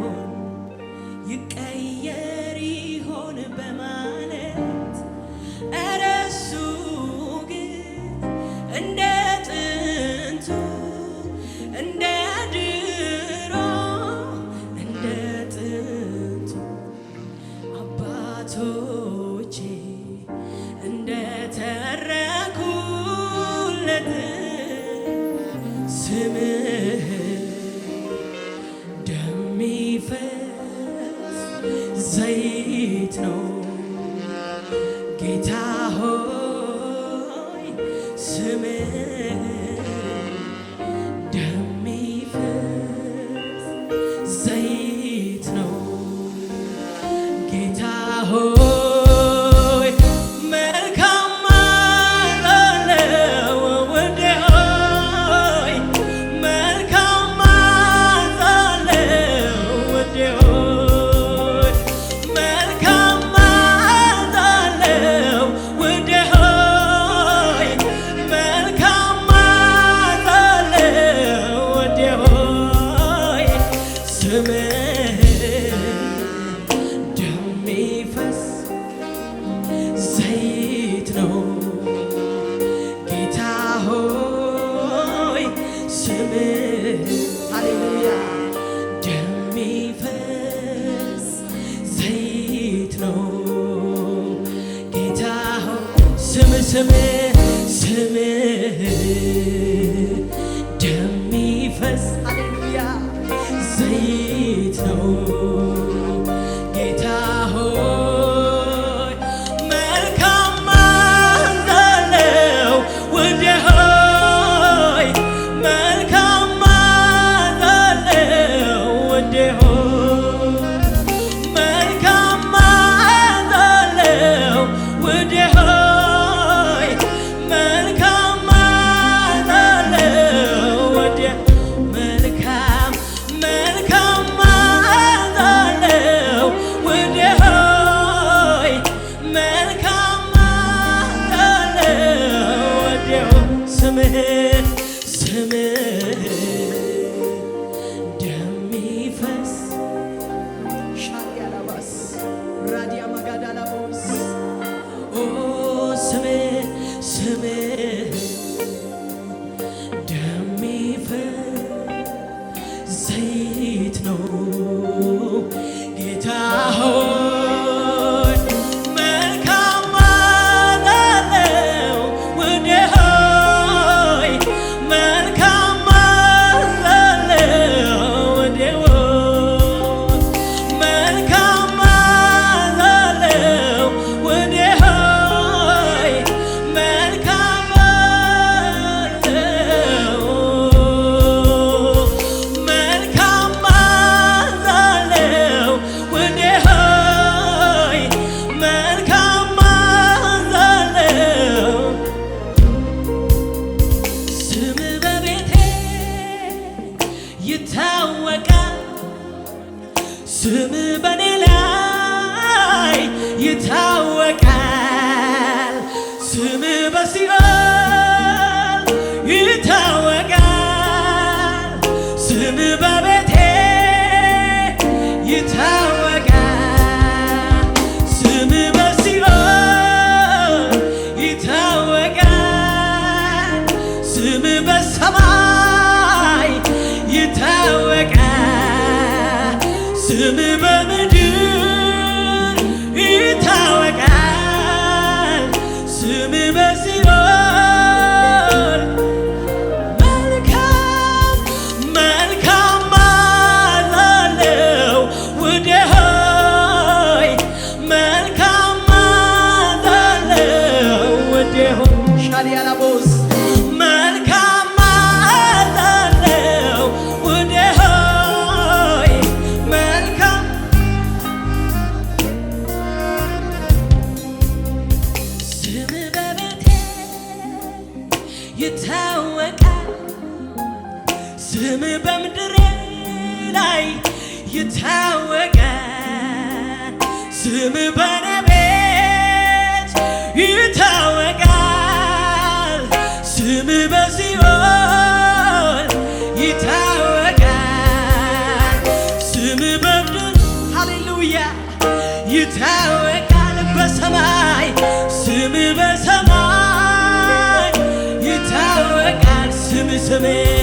ይሆን ይቀየር ይሆን በማለት ኧረ እሱ ግን እንደ ጥንቱ እንደ ድሮ እንደ ጥንቱ አባቶቼ እንደተረኩለት ስምህ እንዴት ነው ጌታ ስምህ ይታወቃል ስም በኔ ላይ ይታወቃል ይታወቃል ስም በምድር ላይ ይታወቃል ስም በነቤት ይታወቃል ስም በሲኦን ይታወቃል ስም በምድር ሃሌሉያ ይታወቃል በሰማይ ስም በሰ me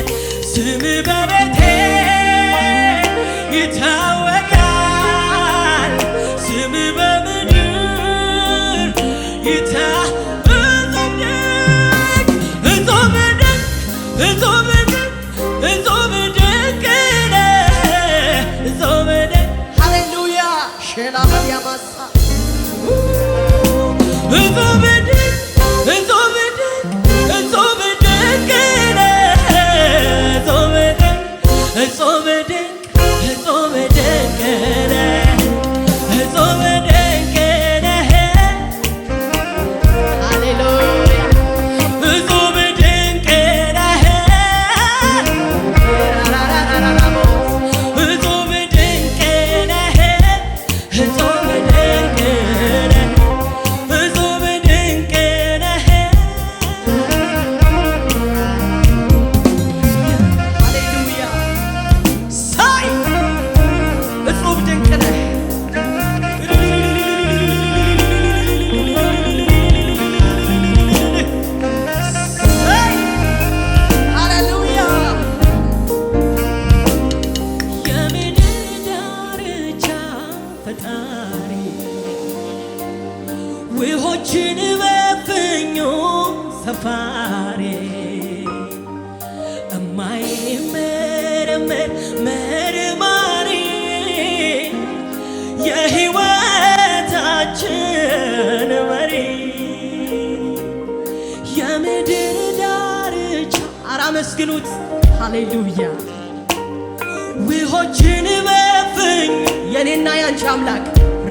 ፈጣሪ ውሆችን በፍኙ ሰፋሪ እማይመረመር መርማሪ የሕይወታችን መሪ የምድር ዳርቻ አመስግኑት። ሃሌሉያ ውሆችን የኔና ያንቺ አምላክ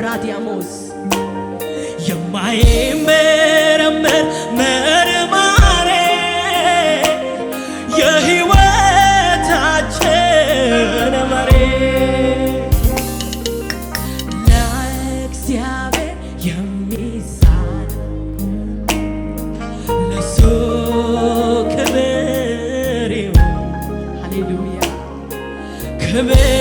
ራዲያሞስ የማይመረመር መርማሬ የሕይወታችን መሬ ለእግዚአብሔር የሚሳል ለሱ ክብር ሃሌሉያ ክብር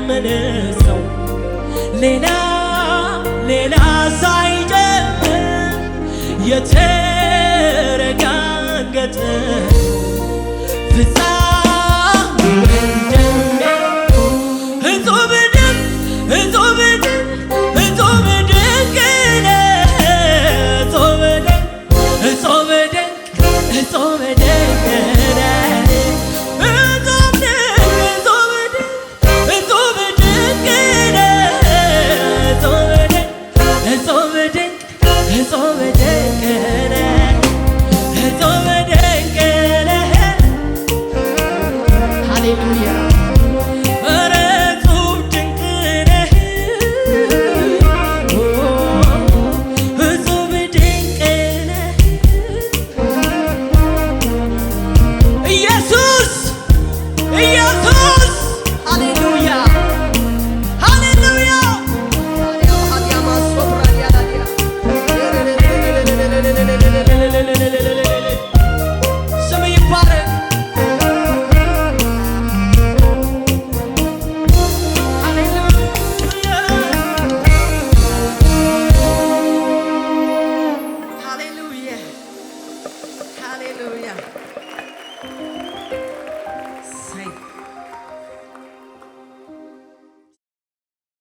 ያመነ ሰው ሌላ ሌላ ሳይጨምር የተረጋገጠ ጾበደቅ ጾበደቅ ጾበደቅ